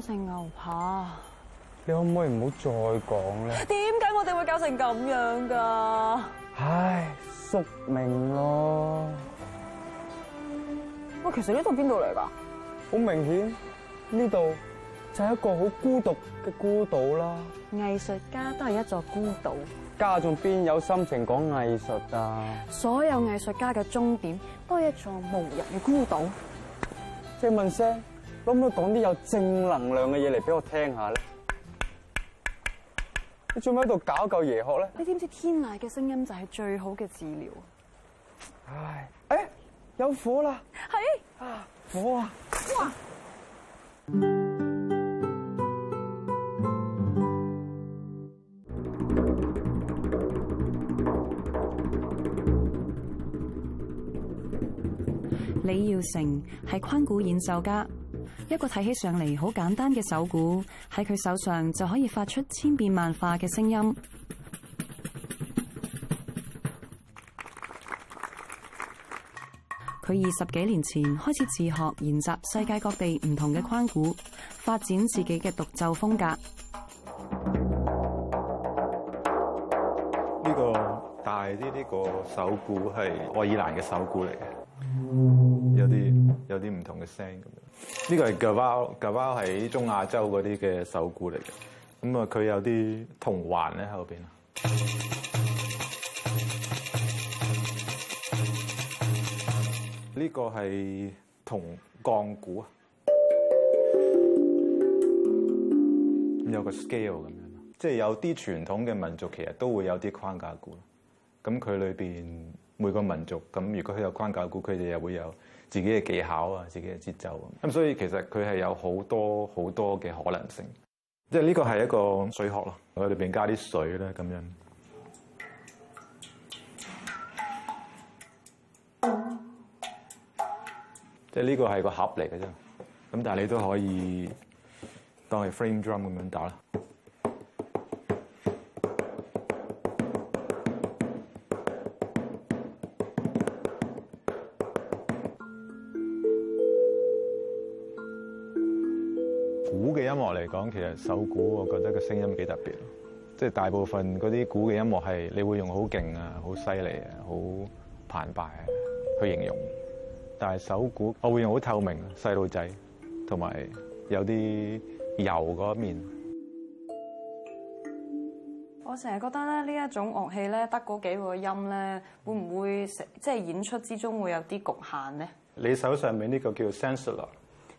食牛扒，你可唔可以唔好再講咧？點解我哋會搞成咁樣噶？唉，宿命咯。喂，其實呢度邊度嚟噶？好明顯，呢度就係一個好孤獨嘅孤島啦。藝術家都係一座孤島，家仲邊有心情講藝術啊？所有藝術家嘅終點都係一座無人嘅孤島。借問聲。可唔可以講啲有正能量嘅嘢，嚟俾我聽下咧， 你做咩喺度搞嚿嘢學咧？你知唔知天籟嘅聲音就係最好嘅治療？唉，誒，有火啦！係是啊，火啊！哇！ 李耀誠係框鼓演奏家。一個睇起上嚟，好簡單嘅手鼓喺佢手上就可以發出千變萬化嘅聲音。佢二十幾年前開始自學研習世界各地唔同嘅框鼓，發展自己嘅獨奏風格。呢個大啲呢，呢個手鼓係愛爾蘭嘅手鼓嚟嘅。有啲唔同嘅聲咁樣，呢、這個係 gavao, gavao 係中亞洲嗰啲嘅手鼓嚟嘅。咁啊，佢有啲銅環咧喺後邊。呢個係銅鋼鼓啊，嗯、有個 scale 咁樣，即係有啲傳統嘅民族其實都會有啲框架鼓。咁佢裏邊每個民族咁，如果佢有框架鼓，佢哋又會有。自己嘅技巧啊，自己嘅節奏啊，咁、嗯，所以其實佢係有好多好多嘅可能性，即係呢個係一個水殼咯，我喺裏邊加啲水咧咁樣， 即係呢個係個盒嚟嘅啫，咁但係你都可以當係 frame drum 咁樣打啦。其實手鼓，我覺得個聲音幾特別，即係大部分嗰啲鼓嘅音樂係你會用好勁啊、好犀利啊、好澎湃啊去形容，但係手鼓我會用好透明、細路仔同埋有啲柔嗰一面。我成日覺得咧，呢一種樂器咧，得嗰幾個音咧，會唔會即係演出之中會有啲局限咧？你手上面呢個叫 sensor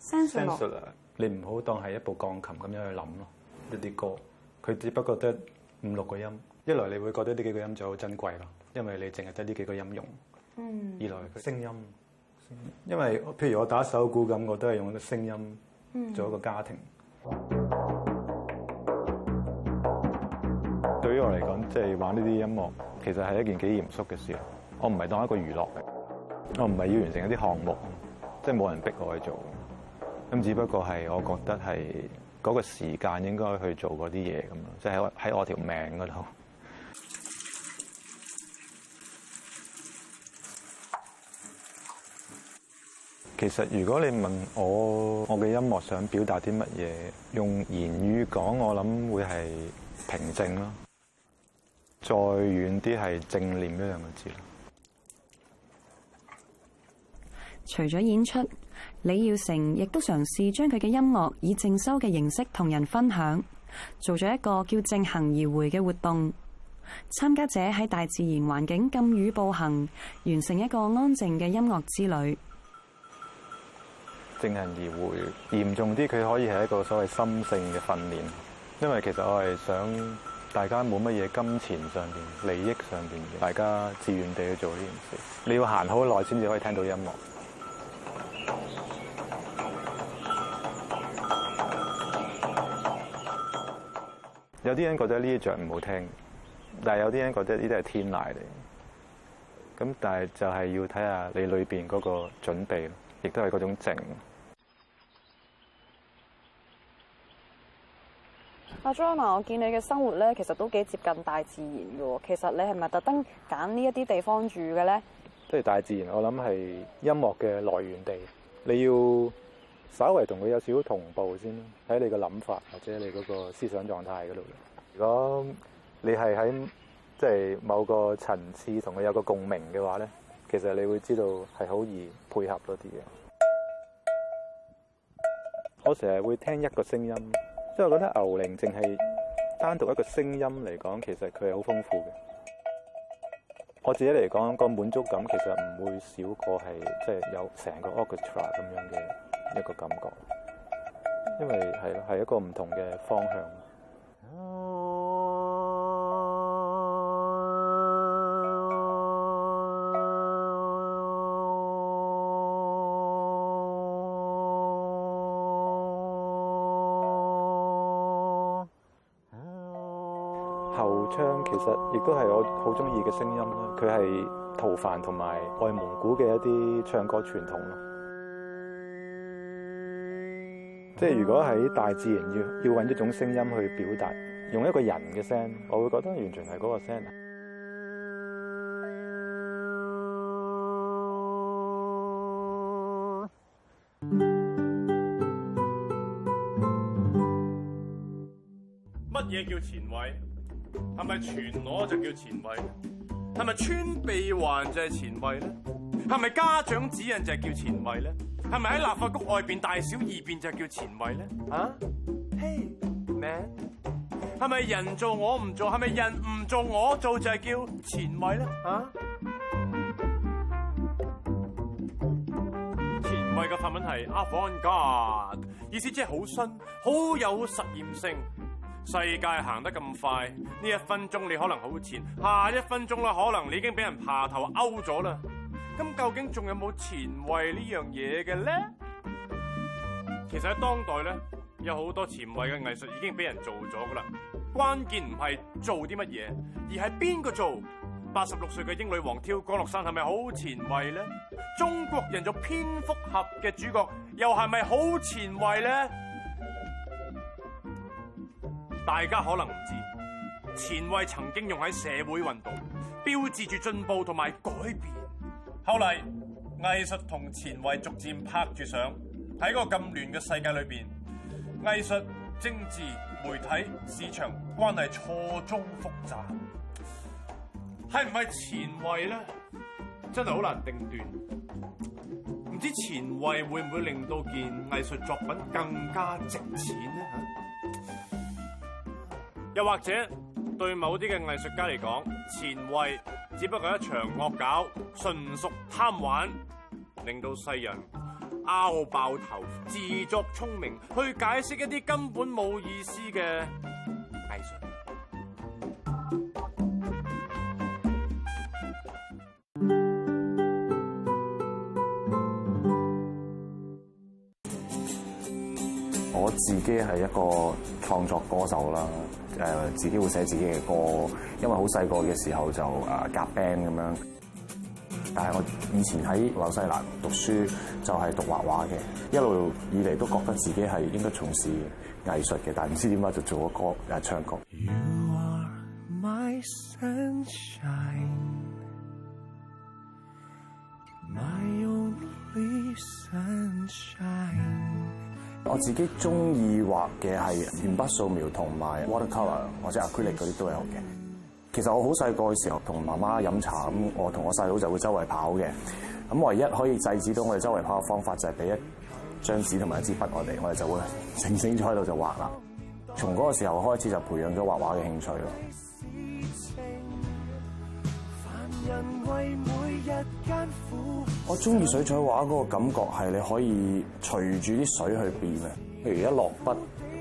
sensor。你唔好當係一部鋼琴咁樣去諗咯，一啲歌，佢只不過得五六個音。一來你會覺得呢幾個音就好珍貴咯，因為你淨係得呢幾個音用。嗯。二來佢聲音。聲音因為譬如我打手鼓咁，我都係用一個聲音做一個家庭。嗯、對於我嚟講，即、就、係、是、玩呢啲音樂，其實係一件幾嚴肅嘅事。我唔係當一個娛樂嘅，我唔係要完成一啲項目，即係冇人逼我去做。咁只不過係，我覺得係嗰個時間應該去做嗰啲嘢咁咯，即係喺我條命嗰度。其實如果你問我，我嘅音樂想表達啲乜嘢？用言語講，我諗會係平靜咯。再遠啲係正念呢兩個字啦。除咗演出。李耀誠亦都嘗試將佢嘅音樂以靜修嘅形式同人分享，做咗一個叫靜行而回嘅活動。參加者喺大自然環境禁語步行，完成一個安靜嘅音樂之旅。靜行而回，嚴重啲，佢可以係一個所謂心性嘅訓練。因為其實我係想大家冇乜嘢金錢上邊、利益上邊嘅，大家自願地去做呢件事。你要行好耐先至可以聽到音樂。有啲人覺得呢一隻唔好聽，但係有啲人覺得呢啲係天籟嚟。咁但係就係要睇下你裏邊嗰個準備，亦都係嗰種靜。阿 Joanna，我見你嘅生活咧，其實都幾接近大自然嘅喎。其實你係咪特登揀呢一啲地方住嘅咧？即係大自然，我諗係音樂嘅來源地。你要稍微同佢有少少同步先啦，喺你個諗法或者你嗰個思想狀態嗰度。如果你係喺即係某個層次同佢有個共鳴嘅話咧，其實你會知道係好易配合嗰啲嘅。我成日會聽一個聲音，即係我覺得牛鈴淨係單獨一個聲音嚟講，其實佢係好豐富嘅。我自己嚟講，個滿足感其實唔會少過係，係即係有成個 orchestra 咁樣嘅。一個感覺，因為係咯，係一個唔同嘅方向。喉唱其實亦都係我好中意嘅聲音啦，佢係逃犯同埋外蒙古嘅一啲唱歌傳統咯。即係如果喺大自然要要搵一種聲音去表達，用一個人嘅聲，我會覺得完全係嗰個聲。乜嘢叫前衛？係咪全裸就叫前衛？係咪穿臂環就係前衛咧？係咪家長指引就係叫前衛咧？係咪喺立法局外邊大小二便就叫前衛咧？啊，嘿，咩？係咪人做我唔做？係咪人唔做我做就係叫前衛咧？啊，前衛嘅法文係 avant-garde，意思即係好新、好有實驗性。世界行得咁快，呢一分鐘你可能好前，下一分鐘咧可能你已經俾人爬頭勾咗啦。咁究竟仲有冇前衛呢樣嘢嘅咧？其實喺當代咧，有好多前衛嘅藝術已經俾人做咗噶啦。關鍵唔係做啲乜嘢，而係邊個做。八十六歲嘅英女王跳降落傘係咪好前衛咧？中國人做蝙蝠俠嘅主角又係咪好前衛咧？大家可能唔知，前衛曾經用喺社會運動，標誌住進步同埋改變。後嚟，藝術同前衛逐漸拍住上。喺嗰個咁亂嘅世界裏邊，藝術、政治、媒體、市場關係錯綜複雜。係唔係前衛咧？真係好難定斷。唔知前衛會唔會令到件藝術作品更加值錢咧？又或者對某啲嘅藝術家嚟講，前衛。只不過一場惡搞，純屬貪玩，令到世人拗爆頭，自作聰明，去解釋一啲根本冇意思嘅。自己係一個創作歌手啦，自己會寫自己嘅歌，因為好細個嘅時候就誒夾 band 咁樣。但係我以前喺紐西蘭讀書就係讀畫畫嘅，一路以嚟都覺得自己係應該從事藝術嘅，但唔知點解就做咗歌又唱歌。You are my sunshine, my only sunshine. 我自己中意畫嘅係鉛筆素描同埋 watercolor 或者 acrylic 嗰啲都有嘅。其實我好細個嘅時候同媽媽飲茶咁，我同我細佬就會周圍跑嘅。咁唯一可以制止到我哋周圍跑嘅方法就係俾一張紙同埋一支筆我哋，我哋就會靜靜坐喺度就畫啦。從嗰個時候開始就培養咗畫畫嘅興趣咯。我中意水彩畫嗰個感覺係你可以隨住啲水去變嘅。譬如，一落筆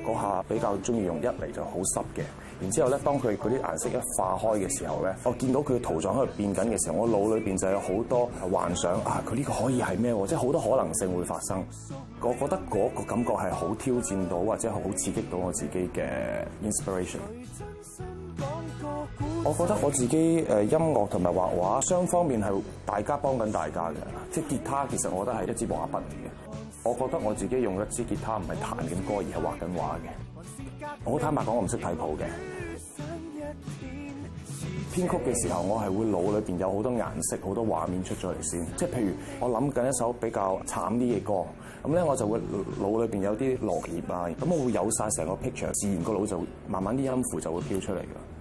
嗰下比較中意用一嚟，就好濕嘅，然之後咧，當佢啲顏色一化開嘅時候咧，我見到佢嘅圖像喺度變緊嘅時候，我腦裏邊就有好多幻想啊，佢呢個可以係咩？即係好多可能性會發生。我覺得嗰個感覺係好挑戰到或者好刺激到我自己嘅 inspiration。我覺得我自己誒音樂同埋畫畫雙方面係大家幫緊大家嘅，即係吉他其實我覺得係一支畫筆嚟嘅。我覺得我自己用一支吉他唔係彈緊歌而係畫緊畫嘅。我坦白講，我唔識睇譜嘅。編曲嘅時候，我係會腦裏邊有好多顏色、好多畫面出咗嚟先。即係譬如我諗緊一首比較慘啲嘅歌，咁咧我就會腦裏邊有啲落葉啊，咁我會有曬成個 picture，自然個腦就慢慢啲音符就會飄出嚟㗎。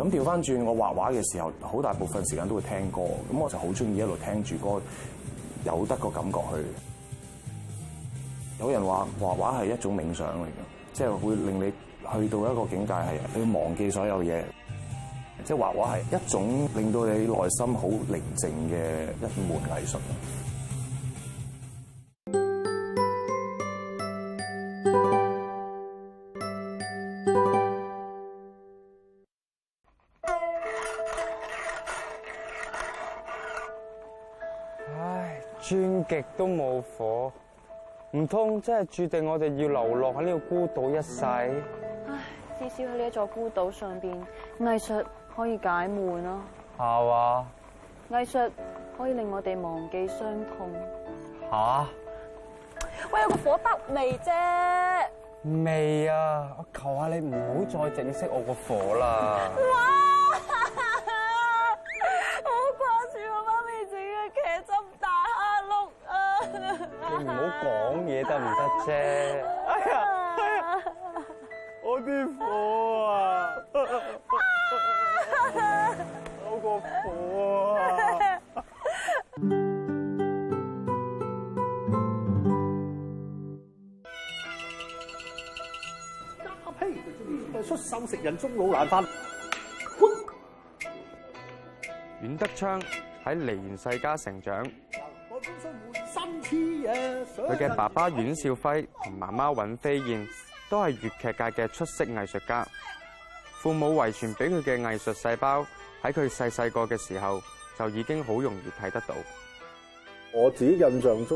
咁掉返轉，我畫畫嘅時候，好大部分時間都會聽歌，咁我就好中意一路聽住歌，由得個感覺去。有人話畫畫係一種冥想嚟嘅，即係會令你去到一個境界，係你要忘記所有嘢。即係畫畫係一種令到你內心好寧靜嘅一門藝術。鑽極都冇火，唔通真係注定我哋要流落喺呢個孤島一世？唉，至少喺呢一座孤島上邊，藝術可以解悶咯。係啊，藝術可以令我哋忘記傷痛。吓、啊？我有個火得味啫。味啊！我求下你唔好再整熄我個火啦。哇得爸，阿爸、啊哎哎，我啲火啊！好過、啊、火啊！呸！出手食人中老難翻。阮德鏘喺梨園世家成長。佢嘅爸爸阮兆輝同媽媽尹飛燕都係粵劇界嘅出色藝術家，父母遺傳俾佢嘅藝術細胞喺佢細細個嘅時候就已經好容易睇得到。我自己印象中，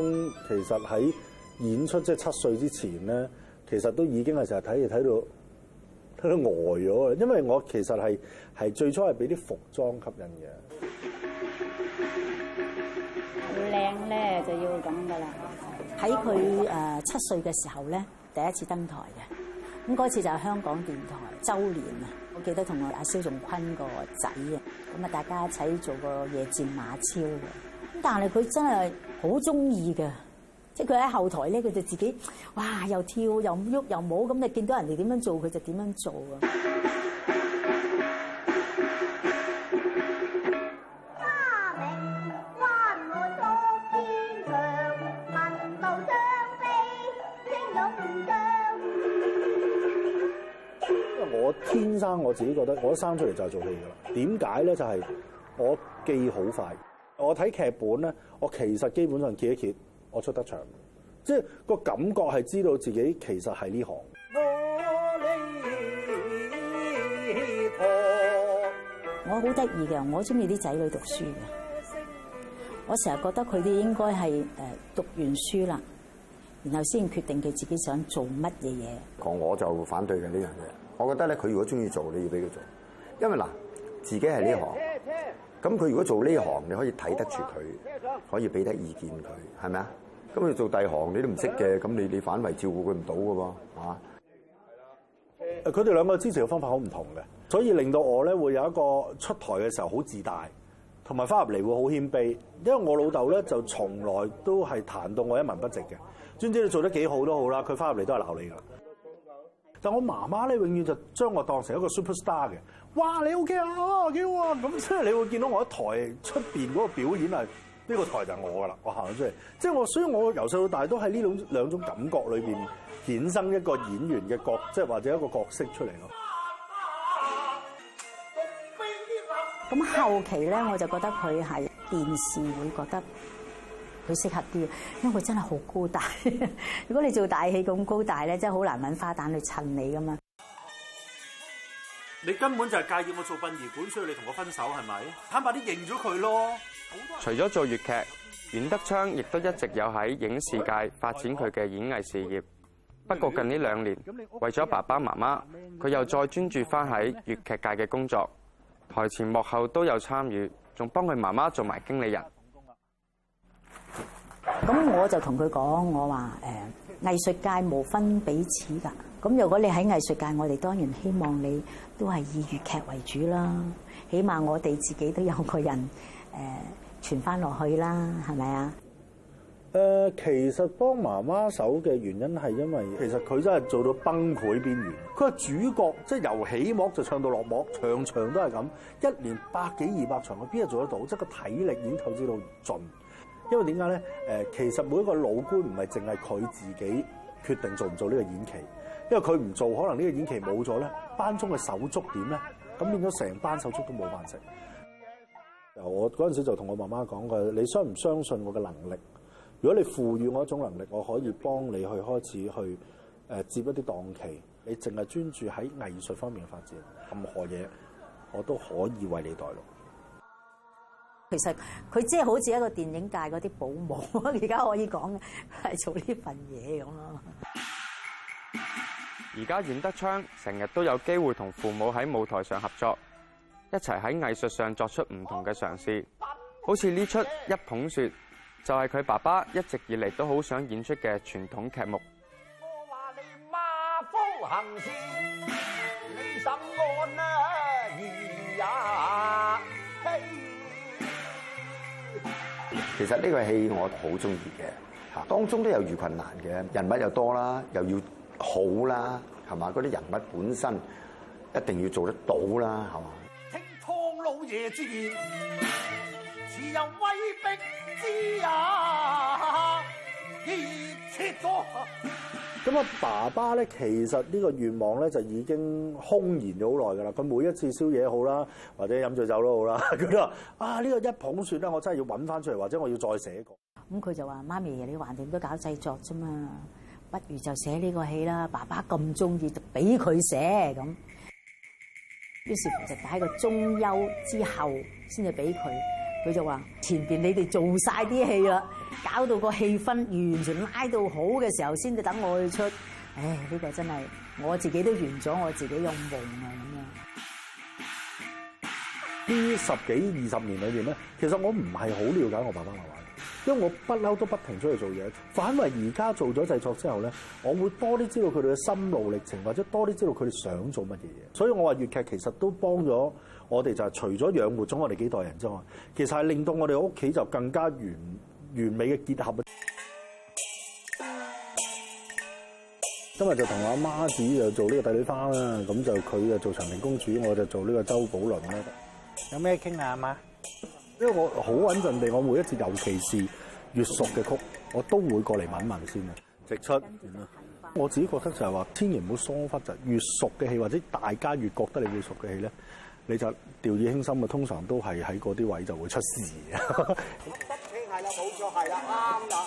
其實喺演出即係七歲之前咧，其實都已經係成日睇住睇到睇到到呆咗。因為我其實係，係最初係俾啲服裝吸引嘅，靚咧就要咁噶啦。喺佢誒七歲嘅時候咧，第一次登台嘅，咁嗰次就係香港電台周年啊！我記得同阿蕭仲坤個仔啊，咁啊大家一齊做個夜戰馬超嘅，咁但係佢真係好中意嘅，即係佢喺後台咧，佢就自己哇又跳又喐又舞，咁你見到人哋點樣做，佢就點樣做啊！天生我自己覺得，我一生出嚟就係做戲嘅。點解咧？就係、是、我記好快，我睇劇本咧，我其實基本上揭一揭，我出得場，即、就、係、是、個感覺係知道自己其實係呢行。我好得意嘅，我中意啲仔女讀書嘅。我成日覺得佢哋應該係誒讀完書啦，然後先決定佢自己想做乜嘢嘢。講我就反對嘅呢樣嘢。我覺得咧，佢如果鍾意做，你要俾佢做，因為嗱，自己係呢行，咁佢如果做呢行，你可以睇得住佢，可以俾得意見佢，係咪啊？咁你做第行，你都唔識嘅，咁你你反為照顧佢唔到㗎喎，啊？係啦，佢哋兩個支持嘅方法好唔同嘅，所以令到我咧會有一個出台嘅時候好自大，同埋返入嚟會好謙卑，因為我老豆咧就從來都係彈到我一文不值嘅，總之你做得幾好都好啦，佢返入嚟都係鬧你㗎。但我媽媽咧，永遠就將我當成一個 super star 嘅，哇！你 OK 啊，幾好啊！咁即係你會見到我喺台出面嗰個表演呢，呢個台就係我噶啦，我行出嚟，即係我，所以我由細到大都喺呢種兩種感覺裏面衍生一個演員嘅角，即係或者一個角色出嚟咯。咁後期咧，我就覺得佢係電視會覺得。佢適合啲，因為佢真係好高大。 如果你做大戲咁高大咧，真係好難揾花旦去襯你噶嘛。你根本就係介意我做殯儀館，所以你同我分手係咪？坦白啲認咗佢咯。除咗做粵劇，阮德鏘亦都一直有喺影視界發展佢嘅演藝事業。不過近呢兩年，為咗爸爸媽媽，佢又再專注翻喺粵劇界嘅工作，台前幕後都有參與，仲幫佢媽媽做埋經理人。咁我就同佢講，我話誒，藝術界冇分彼此噶。咁如果你喺藝術界，我哋當然希望你都係以粵劇為主啦。起碼我哋自己都有個人誒傳翻落去啦，係咪啊？誒、呃，其實幫媽媽手嘅原因係因為，其實佢真係做到崩潰邊緣。佢係主角，即係由起幕就唱到落幕，場場都係咁，一年百幾二百場，佢邊度做得到？即係個體力已經透支到盡。因為點解咧？誒，其實每一個老官唔係淨係佢自己決定做唔做呢個演期，因為佢唔做，可能呢個演期冇咗咧，班中嘅手足點咧？咁變咗成一班手足都冇飯食。我嗰陣時候就同我媽媽講：過你相唔相信我嘅能力？如果你賦予我一種能力，我可以幫你去開始去誒接一啲檔期，你淨係專注喺藝術方面嘅發展，任何嘢我都可以為你代勞。其實佢即係好似一個電影界嗰啲保姆，而家可以講係做呢份嘢咁咯。而家阮德鏘成日都有機會同父母喺舞台上合作，一齊喺藝術上作出唔同嘅嘗試，好似呢出《一捧雪》，就係、是、佢爸爸一直以嚟都好想演出嘅傳統劇目。我話你馬虎行事，你心安啊？如也。其實呢個戲我好中意嘅，嚇，當中都有遇困難嘅人物又多啦，又要好啦，係嘛？嗰啲人物本身一定要做得到啦，係嘛？聽湯老爺之言，似有威逼之意。咁啊，爸爸咧，其實呢個願望咧就已經空言咗好耐㗎啦。佢每一次宵夜好啦，或者飲醉酒都好啦，佢都話：啊，呢個一捧雪咧，我真係要揾翻出嚟，或者我要再寫過。咁佢就話：媽咪，你橫掂都搞製作啫嘛，不如就寫呢個戲啦。爸爸咁中意，就俾佢寫咁。於是就擺喺個中休之後先至俾佢。佢就話：前邊你哋做晒啲戲啦。搞到個氣氛完全拉到好嘅時候，先至等我出去出。唉，呢、呢個真係我自己都完咗，我自己用夢啊咁樣。呢 十幾二十年裏面咧，其實我唔係好了解我爸爸媽媽，因為我不嬲都不停出去做嘢。反為而家做咗製作之後咧，我會多啲知道佢哋嘅心路歷程，或者多啲知道佢哋想做乜嘢嘢。所以我話粵劇其實都幫咗我哋，就係除咗養活咗我哋幾代人之外，其實係令到我哋屋企就更加完。完美嘅結合啊！今日就同阿媽子就做呢個帝女花啦。咁就佢就做長平公主，我就做呢個周寶麟啦。有咩傾啊，阿媽？因為我好穩陣地，我每一次，尤其是越熟嘅曲，我都會過嚟問問先啊。直出。我自己覺得就係話，千祈唔好疏忽就。越熟嘅戲，或者大家越覺得你越熟嘅戲咧，你就掉以輕心啊。通常都係喺嗰啲位就會出事。 係啦，冇錯，係啦，啱啦。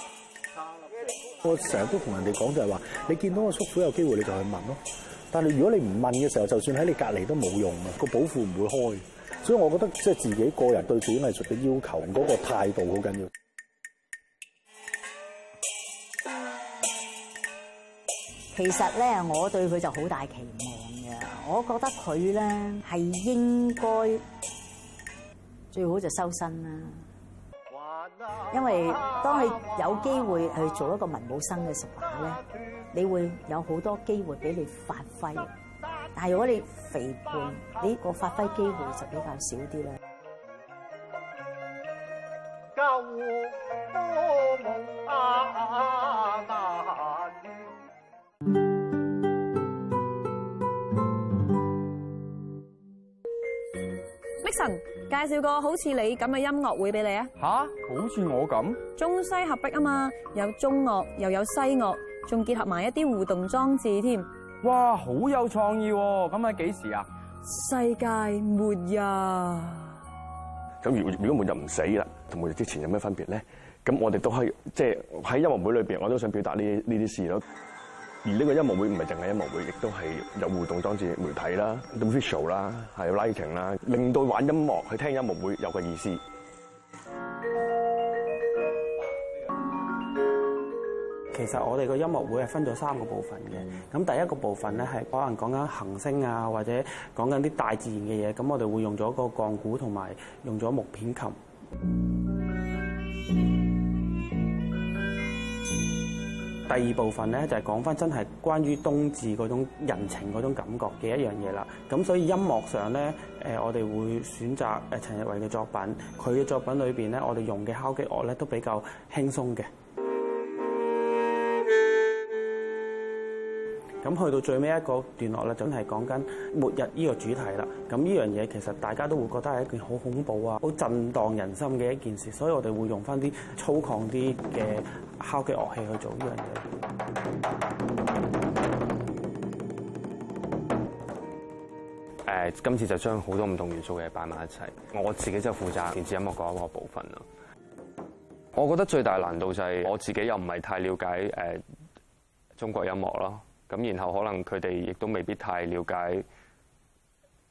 我成日都同人哋講就係話，你見到個叔父有機會你就去問咯。但係如果你唔問嘅時候，就算喺你隔籬都冇用啊，個寶庫唔會開。所以我覺得即係自己個人對自己藝術嘅要求嗰個態度好緊要。其實咧，我對佢就好大期望嘅。我覺得佢咧係應該最好就收身啦。因為當你有機會去做一個文武生嘅時候咧，你會有好多機會俾你發揮。但係如果你肥胖，你個發揮機會就比較少啲啦。Jackson。介紹個好似你咁嘅音樂會俾你啊！吓，好似我咁，中西合璧啊嘛，有中樂又有西樂，仲結合埋一啲互動裝置添。哇，好有創意！咁係幾時啊？世界末日。咁如如果末日唔死啦，同末日之前有咩分別咧？咁我哋都係即係喺音樂會裏邊，我都想表達呢呢啲事咯。而呢個音樂會唔係淨係音樂會，亦都係有互動裝置媒體啦，啲 visual 啦，係 lighting 啦，令到玩音樂去聽音樂會有個意思。其實我哋個音樂會係分咗三個部分嘅，咁第一個部分咧係可能講緊行星啊，或者講緊啲大自然嘅嘢，咁我哋會用咗個鋼鼓同埋用咗木片琴。第二部分咧就係講翻真係關於冬至嗰種人情嗰種感覺嘅一樣嘢啦。咁所以音樂上咧，誒我哋會選擇誒陳日偉嘅作品。佢嘅作品裏邊咧，我哋用嘅敲擊樂咧都比較輕鬆嘅。咁去到最尾一個段落咧，真係講緊末日依個主題啦。咁呢樣嘢其實大家都會覺得係一件好恐怖啊、好震盪人心嘅一件事，所以我哋會用翻啲粗獷啲嘅敲擊樂器去做呢樣嘢。誒、呃，今次就將好多唔同元素嘅擺埋一齊。我自己就負責電子音樂嗰一個部分咯。我覺得最大難度就係我自己又唔係太了解誒、呃、中國音樂咯。咁然後可能佢哋亦都未必太了解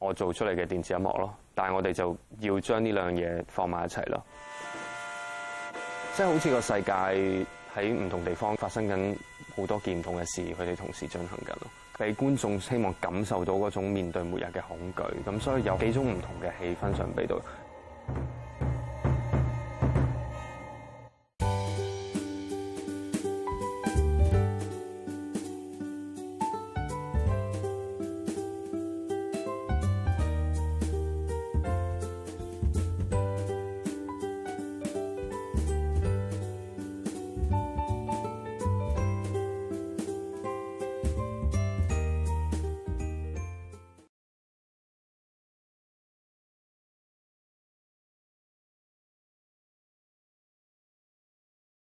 我做出嚟嘅電子音樂咯，但係我哋就要將呢兩嘢放埋一齊咯，即係好似個世界喺唔同地方發生緊好多件唔同嘅事，佢哋同時進行緊咯，俾觀眾希望感受到嗰種面對末日嘅恐懼，咁所以有幾種唔同嘅氣氛上俾到。